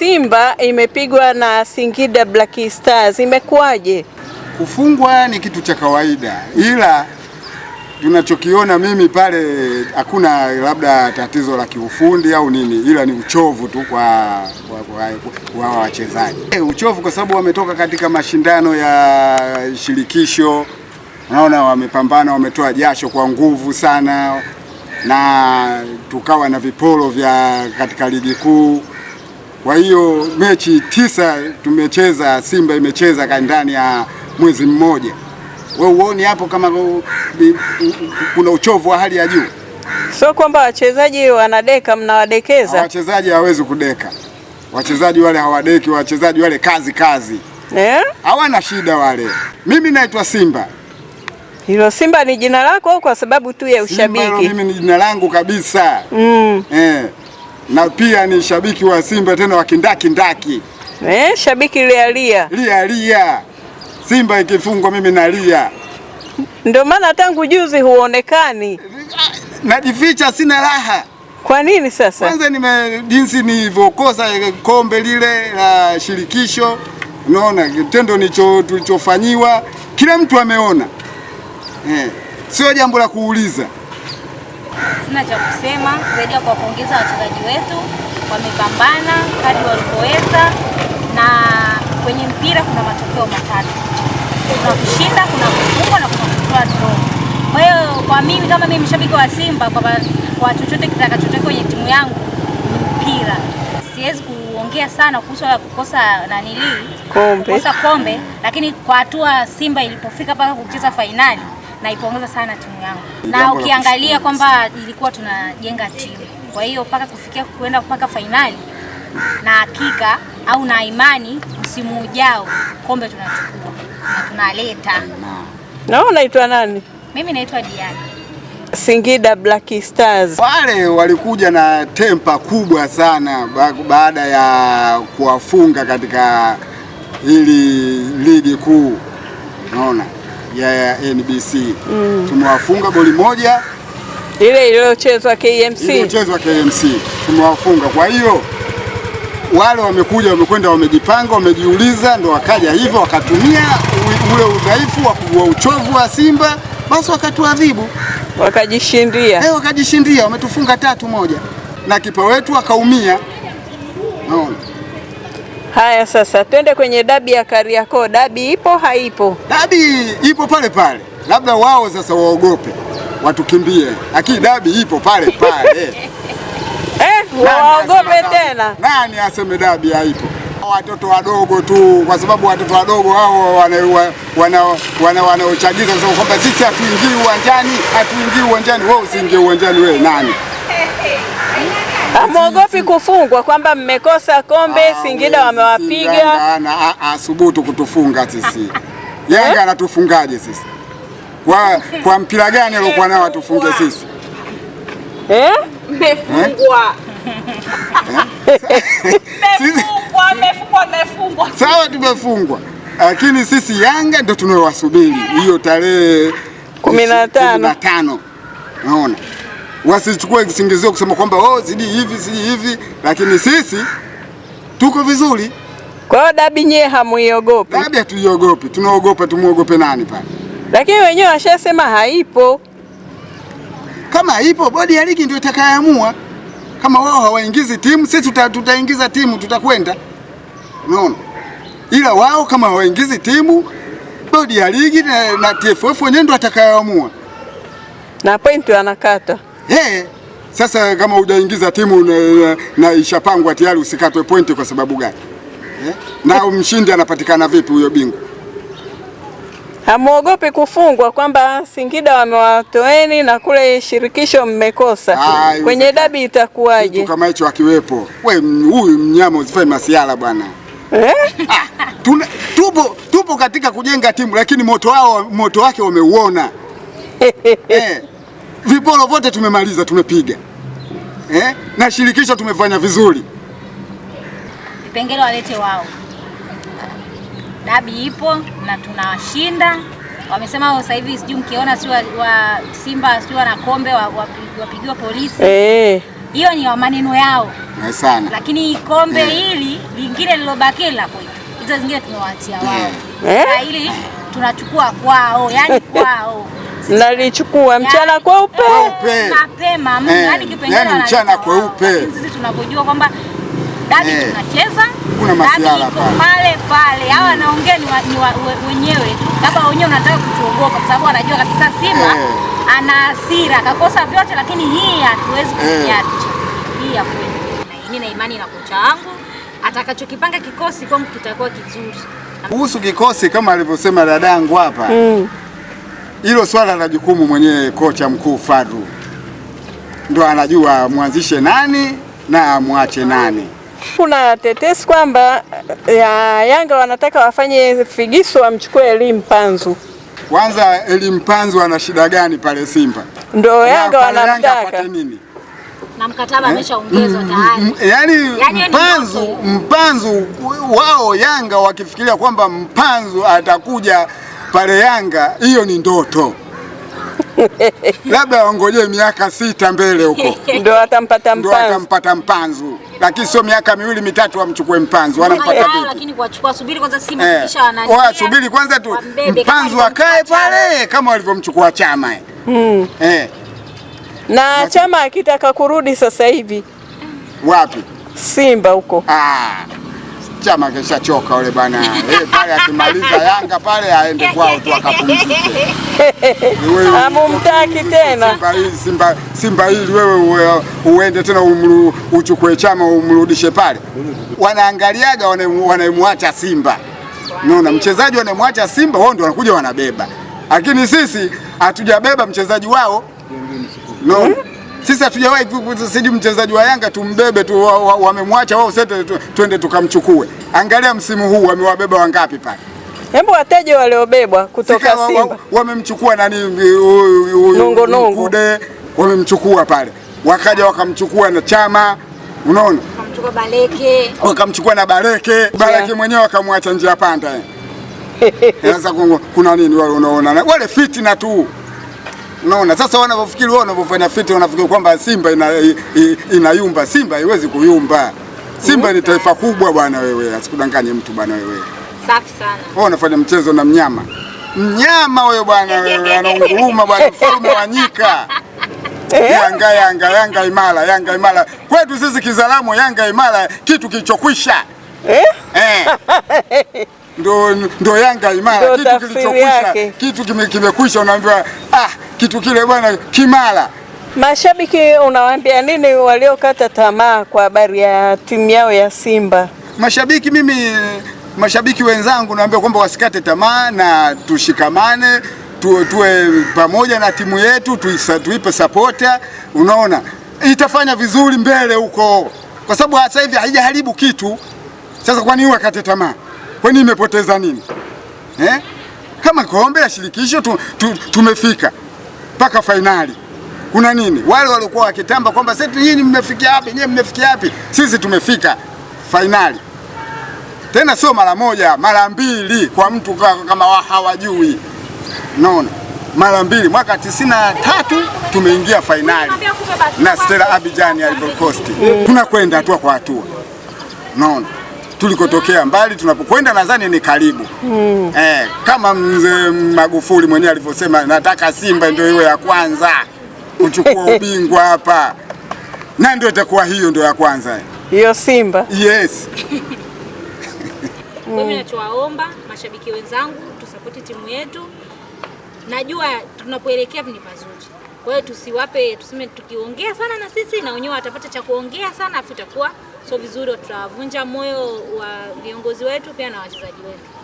Simba imepigwa na Singida Black Stars, imekuwaje? Kufungwa ni kitu cha kawaida, ila tunachokiona mimi pale hakuna labda tatizo la kiufundi au nini, ila ni uchovu tu kwa kwa kwa, wachezaji e, uchovu kwa sababu wametoka katika mashindano ya shirikisho. Unaona, wamepambana, wametoa jasho kwa nguvu sana, na tukawa na viporo vya katika ligi kuu kwa hiyo mechi tisa tumecheza, Simba imecheza ndani ya mwezi mmoja. We uoni hapo kama kuna uchovu wa hali ya juu? Sio kwamba wachezaji wanadeka, mnawadekeza wachezaji. Hawezi kudeka wachezaji wale, hawadeki wachezaji wale, kazi kazi, eh? hawana yeah, shida wale. Mimi naitwa Simba. Hilo Simba ni jina lako kwa sababu tu ya ushabiki? Simba mimi ni jina langu kabisa mm. eh na pia ni shabiki wa Simba tena wa ndaki. eh, shabiki lialia lialia, Simba ikifungwa mimi nalia. Ndio maana tangu juzi huonekani, najificha, sina raha. Kwa nini sasa? Kwanza nime jinsi nilivyokosa eh, kombe lile la shirikisho, unaona kitendo nicho tulichofanyiwa, kila mtu ameona eh, sio jambo la kuuliza sina cha kusema zaidi ya kuwapongeza wachezaji wetu, wamepambana kadri walipoweza, na kwenye mpira kuna matokeo matatu: kuna kushinda, kuna kufungwa na kuna kutoa draw. Kwa hiyo kwa mimi kama mimi mshabiki wa Simba, kwa, kwa chochote kitakachotokea kwenye timu yangu ni mpira. Siwezi kuongea sana kuhusu kukosa nanili kombe, kukosa kombe, lakini kwa hatua Simba ilipofika mpaka kucheza fainali naipongeza sana timu yangu, na ukiangalia kwamba ilikuwa tunajenga timu, kwa hiyo mpaka kufikia kuenda mpaka fainali, na hakika au na imani msimu ujao kombe tunachukua na tunaleta. Na unaitwa nani? Mimi naitwa Diana. Singida Black Stars wale walikuja na tempa kubwa sana baada ya kuwafunga katika hili ligi kuu, unaona ya NBC mm. tumewafunga goli moja ile iliyochezwa KMC, iliyochezwa KMC tumewafunga. Kwa hiyo wale wamekuja wamekwenda wamejipanga wamejiuliza, ndo wakaja hivyo wakatumia ule udhaifu wa uchovu wa Simba, basi wakatuadhibu wakajishindia. eh, wakajishindia, wametufunga tatu moja na kipa wetu akaumia, naona Haya, sasa twende kwenye dabi ya Kariakoo. Dabi ipo haipo? Dabi ipo pale pale, labda wao sasa waogope watukimbie, lakini dabi ipo pale pale. Eh, waogope tena? Nani aseme dabi haipo? Watoto wadogo tu, kwa sababu watoto wadogo hao wanaochagiza wana, wana, wana, kwamba sisi hatuingii uwanjani, hatuingii uwanjani. Wewe usiingie uwanjani, wewe nani? Hamwogopi kufungwa kwamba mmekosa kombe ah, Singida wamewapiga? asubutu ah, ah, kutufunga sisi Yanga eh? anatufungaje sisi? Kwa, kwa mpira gani aliokuwa nao atufunge sisi eh? eh? Mmefungwa sawa, tumefungwa lakini sisi Yanga ndo tunawasubiri hiyo tarehe kumi na tano naona wasichukue kisingizio kusema kwamba oh, zidi hivi zidi hivi, lakini sisi tuko vizuri. Kwa hiyo dabi nyewe hamuiogopi? Dabi hatuiogopi, tunaogopa tumuogope nani pale? Lakini wenyewe washasema haipo. Kama ipo, bodi ya ligi ndio itakayoamua. Kama wao hawaingizi timu, sisi tutaingiza timu, tutakwenda. Unaona, ila wao kama hawaingizi timu, bodi ya ligi na, na TFF wenyewe ndio atakayoamua, na point anakata Hey, sasa kama hujaingiza timu na, na ishapangwa tayari, usikatwe pointi kwa sababu gani eh? Na mshindi anapatikana vipi huyo bingwa? Hamuogopi kufungwa kwamba Singida wamewatoeni na kule shirikisho mmekosa Ay, ah, kwenye dabi itakuwaje? Kama hicho akiwepo huyu mnyama usifai masiala bwana eh? Ah, tuna, tupo, tupo katika kujenga timu lakini moto wao moto wake wameuona eh viporo vyote tumemaliza, tumepiga eh? na shirikisho tumefanya vizuri. Vipengele walete wao, dabi ipo na tunawashinda. Wamesema sasa hivi sijui mkiona si wa Simba si wana kombe wapigiwa polisi eh. Hiyo ni maneno yao sana, lakini kombe eh. hili lingine lilobaki la kwetu, hizo zingine tumewaachia wao yeah. Ili tunachukua kwao, yani kwao nalichukua mchana kweupe mapema, yaani mchana kweupe. Sisi tunavyojua kwamba dadi eh, tunacheza kuna masuala pale pale, hawa wanaongea ni wenyewe tu, labda wenyewe unataka kutuogopa, kwa sababu wanajua kabisa Simba eh. ana hasira, kakosa vyote, lakini hii hatuwezi kuiacha hii ya kweli. na imani na kocha wangu atakachokipanga kikosi kwangu kitakuwa kizuri. Kuhusu kikosi kama alivyosema dadangu hapa mm hilo swala la jukumu mwenyewe kocha mkuu Fadru ndo anajua mwanzishe nani na mwache nani. Kuna tetesi kwamba eh, ya Yanga wanataka wafanye figiso wamchukue elimu panzu Kwanza elimu panzu ana shida gani pale Simba? Ndo Yanga wanamtaka nini? Na mkataba ameshaongezwa eh? tayari. Yaani yani Mpanzu, Mpanzu wao Yanga wakifikiria kwamba Mpanzu atakuja pale Yanga, hiyo ni ndoto. Labda wangojee miaka sita mbele huko ndo atampata mpanzu, ndo atampata mpanzu, lakini sio miaka miwili mitatu wamchukue mpanzu. Wanampata vipi? Lakini kuachukua, subiri kwanza, Simba eh. kisha anaanza, subiri kwanza tu mpanzu akae pale kama walivyomchukua chama hmm. eh. na chama akitaka kurudi sasa hivi wapi? Simba huko ah. Chama keshachoka yule bwana pale, akimaliza Yanga pale aende kwao tu akapumzike. Hamumtaki tena Simba, Simba hili wewe uende tena umru, uchukue chama umrudishe pale. Wanaangaliaga wanaemwacha Simba, unaona mchezaji wanaemwacha Simba wao ndio wanakuja wanabeba, lakini sisi hatujabeba mchezaji wao no. Sisi hatujawahi sijui mchezaji wa Yanga tumbebe tu, wamemwacha wao sete tu, twende tukamchukue. Angalia msimu huu wamewabeba wangapi pale. Hebu wateje waliobebwa kutoka Simba. Wamemchukua nani huyu Kude, wamemchukua pale, wakaja wakamchukua na Chama, unaona wakamchukua na Bareke, Bareke mwenyewe wakamwacha njia panda. Sasa kuna nini wale, unaona wale fitina tu. Unaona sasa, wanavyofikiri wao, wanavyofanya fiti, wanafikiri kwamba Simba inayumba. Simba haiwezi kuyumba. Simba ni taifa kubwa bwana, wewe asikudanganye mtu bwana, wewe safi sana. Wao wanafanya mchezo na mnyama, mnyama huyo bwana, wewe anaunguruma bwana, mfalme wa nyika eh? Yanga, Yanga, Yanga imara, Yanga imara. Kwetu sisi kizalamo, Yanga imara, kitu kilichokwisha eh? Eh. Ndo, ndo Yanga imara, kitu kilichokwisha, kitu kimekwisha, unaambiwa ah kitu kile bwana kimara. Mashabiki unawaambia nini waliokata tamaa kwa habari ya timu yao ya Simba? Mashabiki mimi, mashabiki wenzangu naambia kwamba wasikate tamaa na tushikamane tu, tuwe pamoja na timu yetu tuisa, tuipe sapota, unaona itafanya vizuri mbele huko, kwa sababu sasa hivi haijaharibu kitu. Sasa kwa nini wakate tamaa? Kwa nini imepoteza nini eh? Kama kombe la shirikisho tu, tu, tumefika mpaka fainali. Kuna nini? Wale waliokuwa wakitamba kwamba sisi hii mmefikia wapi, nyewe mmefikia wapi, sisi tumefika fainali. Tena sio mara moja, mara mbili, kwa mtu kama hawajui. Unaona, mara mbili. Mwaka tisini na tatu tumeingia fainali na Stella Abidjan ya Ivory Coast, tunakwenda hatua kwa hatua. Unaona tulikotokea mbali tunapokwenda, nadhani ni karibu mm. Eh, kama mzee Magufuli mwenyewe alivyosema, nataka Simba ndio iwe ya kwanza uchukua ubingwa hapa, na ndio itakuwa hiyo ndio ya kwanza hiyo Simba. Yes. Mimi mm. nachowaomba mashabiki wenzangu, tusapoti timu yetu. Najua tunapoelekea ni pazuri, kwa hiyo tusiwape tuseme, tukiongea sana na sisi na wenyewe watapata cha kuongea sana, afu itakuwa so vizuri, tutavunja moyo wa viongozi wetu pia na wachezaji wetu.